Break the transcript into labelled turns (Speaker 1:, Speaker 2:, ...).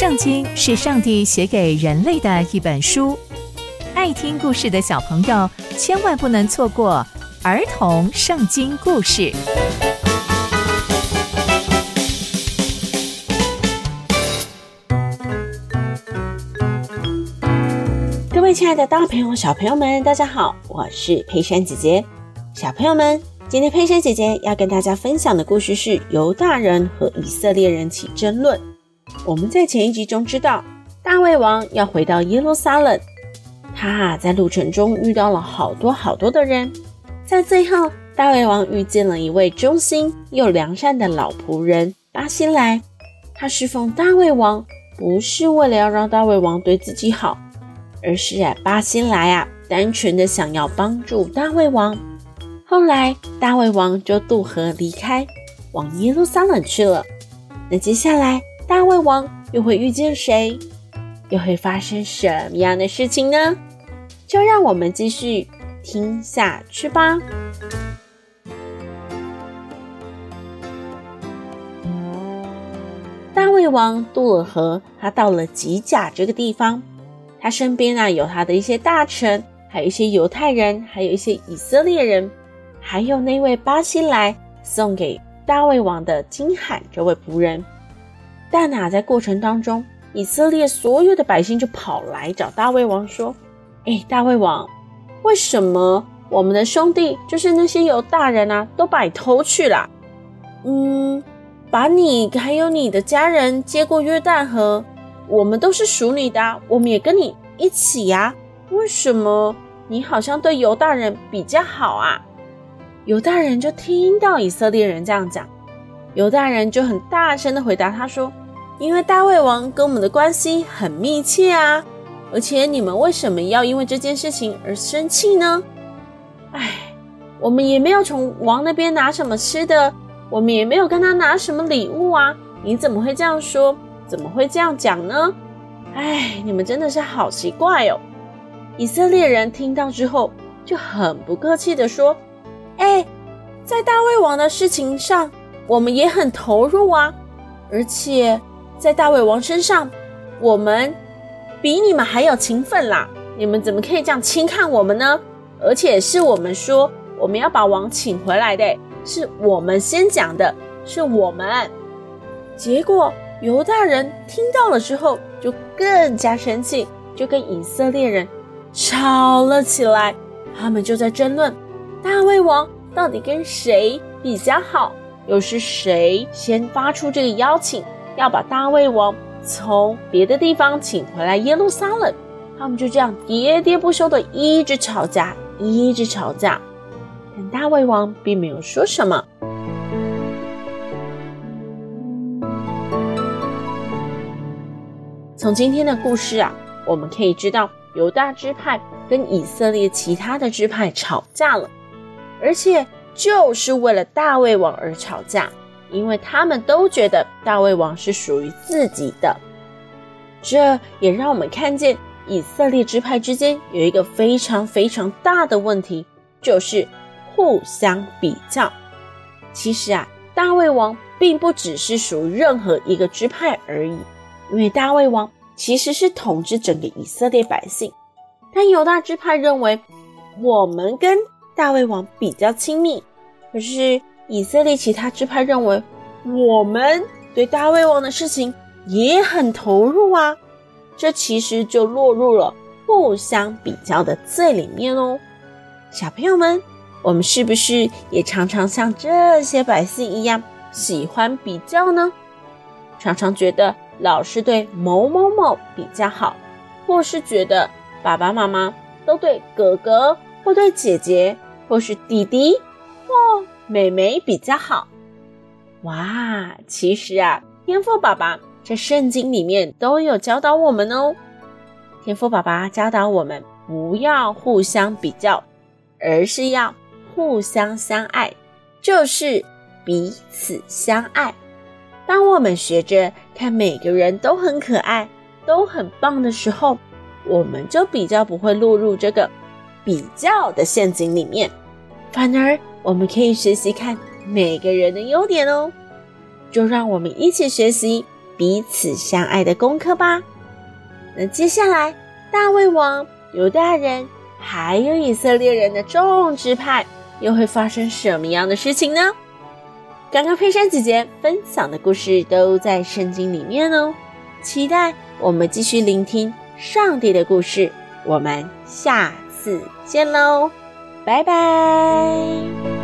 Speaker 1: 聖經是上帝寫給人類的一本書，愛聽故事的小朋友千萬不能錯過兒童聖經故事。各位親愛的大朋友、小朋友們，大家好，我是佩珊姐姐。小朋友們，今天佩珊姐姐要跟大家分享的故事是猶大人和以色列人起爭論。我們在前一集中知道，大衛王要回到耶路撒冷，他啊在路程中遇到了好多好多的人，在最後，大衛王遇見了一位忠心又良善的老僕人巴西萊，他侍奉大衛王不是為了要讓大衛王對自己好，而是啊巴西萊啊單純的想要幫助大衛王。後來大衛王就渡河離開，往耶路撒冷去了。那接下來。大衛王又會遇見誰？又會發生什麼樣的事情呢？就讓我們繼續聽下去吧。大衛王渡了河，他到了吉甲這個地方。他身邊啊，有他的一些大臣，還有一些猶大人，還有一些以色列人，還有那位巴西萊送給大衛王的金罕這位僕人。但哪、啊、在過程當中，以色列所有的百姓就跑來找大衛王說：“哎、欸，大衛王，為什麼我們的兄弟，就是那些猶大人啊，都把你偷去了？嗯，把你還有你的家人接過約旦河，我們都是屬你的，我們也跟你一起呀、啊。為什麼你好像對猶大人比較好啊？”猶大人就聽到以色列人這樣講。猶大人就很大聲的回答他說：“因為大衛王跟我們的關係很密切啊，而且你們為什麼要因為這件事情而生氣呢？哎，我們也沒有從王那邊拿什麼吃的，我們也沒有跟他拿什麼禮物啊，你怎麼會這樣說？怎麼會這樣講呢？哎，你們真的是好奇怪哦。”以色列人聽到之後就很不客氣的說：“哎，在大衛王的事情上。”我們也很投入啊，而且在大衛王身上，我們比你們還要勤奮啦！你們怎麼可以這樣輕看我們呢？而且是我們說我們要把王請回來的，是我們先講的，是我們。結果猶大人聽到了之後，就更加生氣，就跟以色列人吵了起來。他們就在爭論，大衛王到底跟誰比較好。又是誰先發出這個邀請，要把大衛王從別的地方請回來耶路撒冷？他們就這樣喋喋不休的一直吵架，一直吵架。但大衛王並沒有說什麼。從今天的故事啊，我們可以知道猶大支派跟以色列其他的支派吵架了，而且。就是為了大衛王而吵架，因為他們都覺得大衛王是屬於自己的。這也讓我們看見以色列支派之間有一個非常非常大的問題，就是互相比較。其實啊，大衛王並不只是屬於任何一個支派而已，因為大衛王其實是統治整個以色列百姓。但猶大支派認為，我們跟。大衛王比較親密，可是以色列其他支派認為我們對大衛王的事情也很投入啊，這其實就落入了互相比較的罪裡面哦。小朋友們，我們是不是也常常像這些百姓一樣喜歡比較呢？常常覺得老師對某某某比較好，或是覺得爸爸媽媽都對哥哥，或對姐姐，或是弟弟，或妹妹比較好。哇，其實啊，天父爸爸在聖經裡面都有教導我們哦。天父爸爸教導我們不要互相比較，而是要互相相愛，就是彼此相愛。當我們學着看每個人都很可愛，都很棒的時候，我們就比較不會落入這個。比較的陷阱裡面，反而我們可以學習看每個人的優點哦。就讓我們一起學習彼此相愛的功課吧。那接下來，大衛王、猶大人還有以色列人的眾支派，又會發生什麼樣的事情呢？剛剛佩珊姐姐分享的故事都在聖經裡面哦。期待我們繼續聆聽上帝的故事。我們下。再見嘍，拜拜。